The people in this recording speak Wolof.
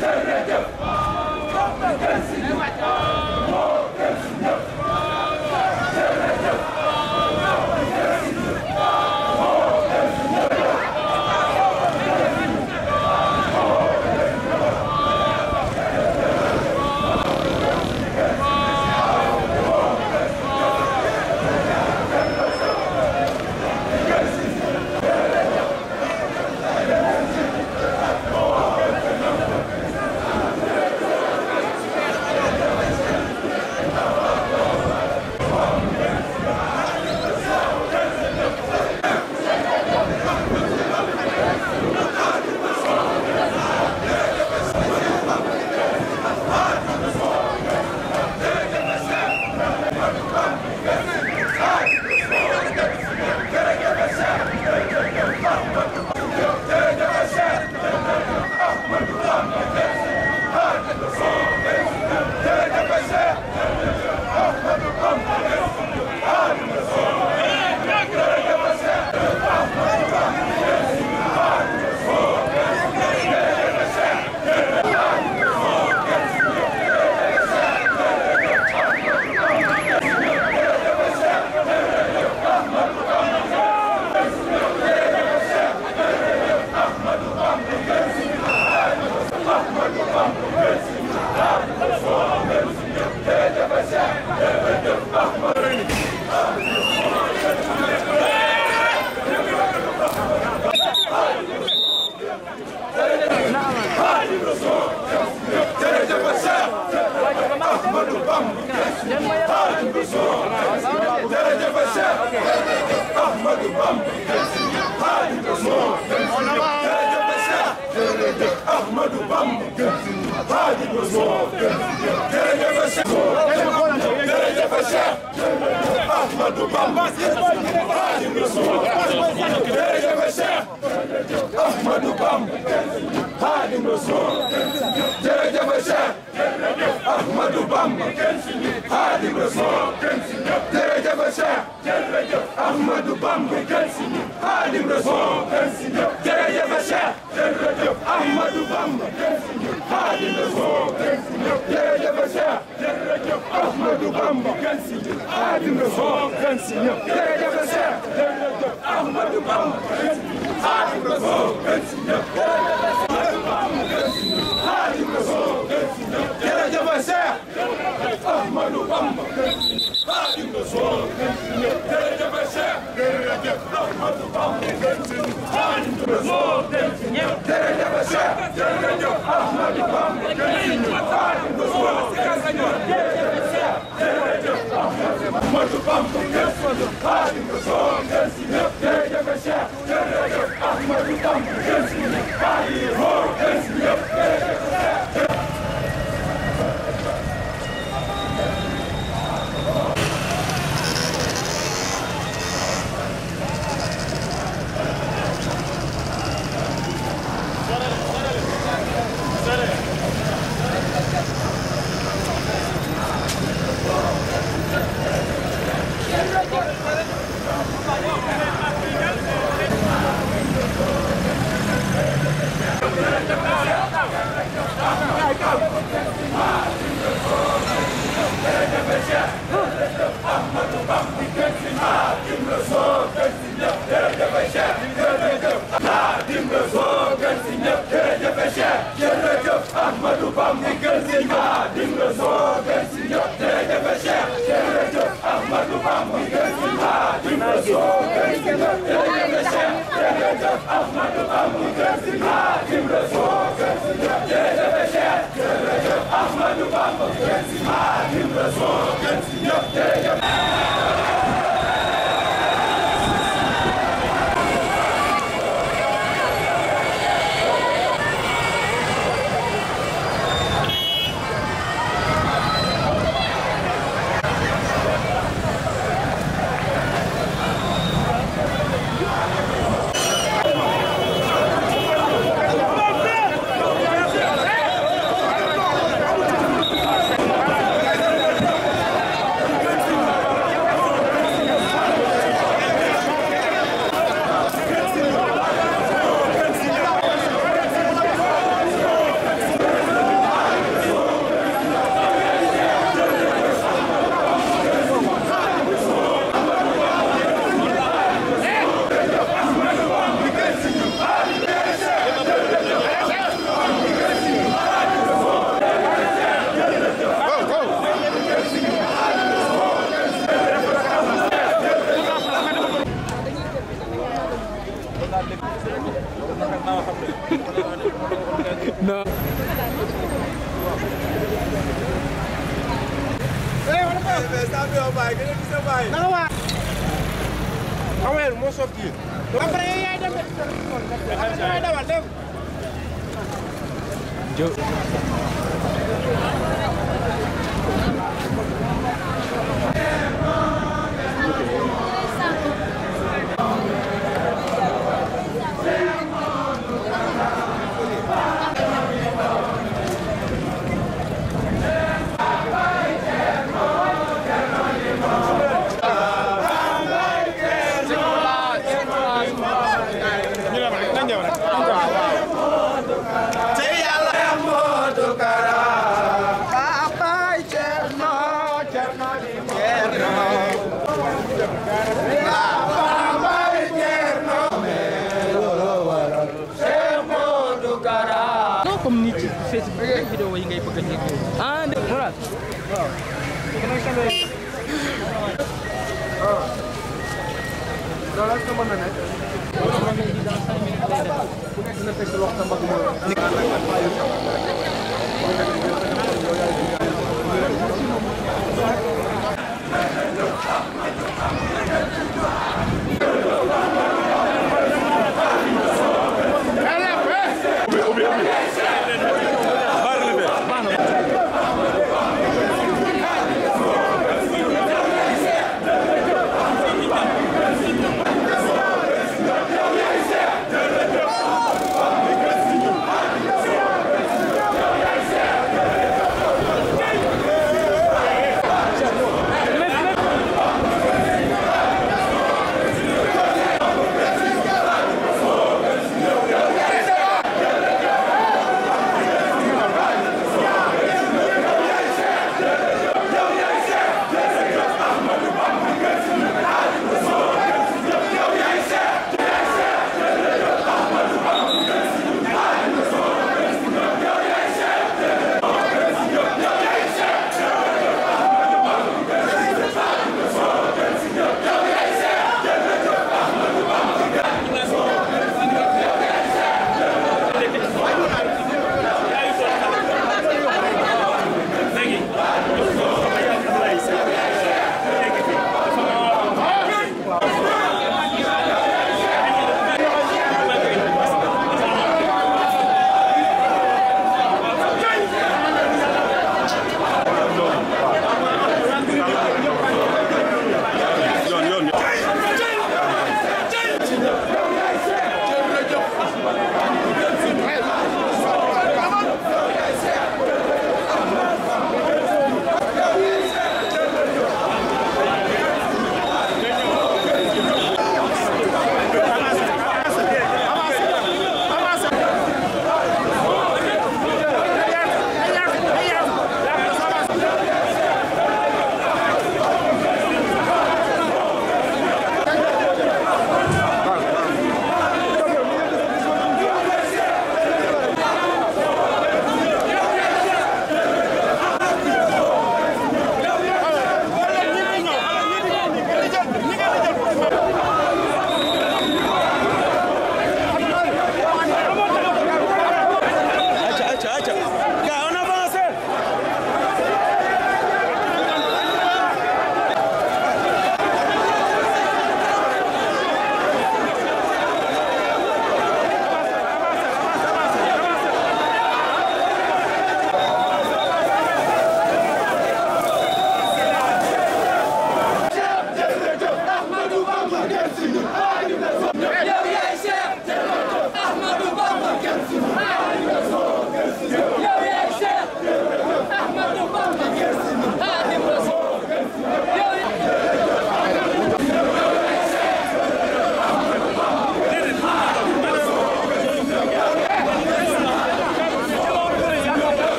jërëjëf Ahmadu Bamba gën si Xaadimu Rasuul gën jërëjëf Cheikh jërëjëf Cheikh Ahmadu Bamba Xaadimu Rasuul jërëjëf Cheikh Ahmadu Bamba Xaadimu Rasuul jërëjëf Cheikh Ahmadu Bamba Xaadimu Rasuul jërëjëf Cheikh Ahmadu Bamba Xaadimu Rasuul Ahmadou Bamba Xaadimu Rasuul jërëjëf Cheikh jërëjëf Ahmadou Bamba Xaadimu Rasuul jërëjëf Cheikh jërëjëf Ahmadou Bamba Xaadimu Rasuul Bamba Bamba gën si maa lim ba soo gën si ñëpp non. Amel moo soog kii. après yow yaay dem de. après damay dawal dem. doo mën a nekk. ku nekk na teg loxo sa mbagg moom. nekk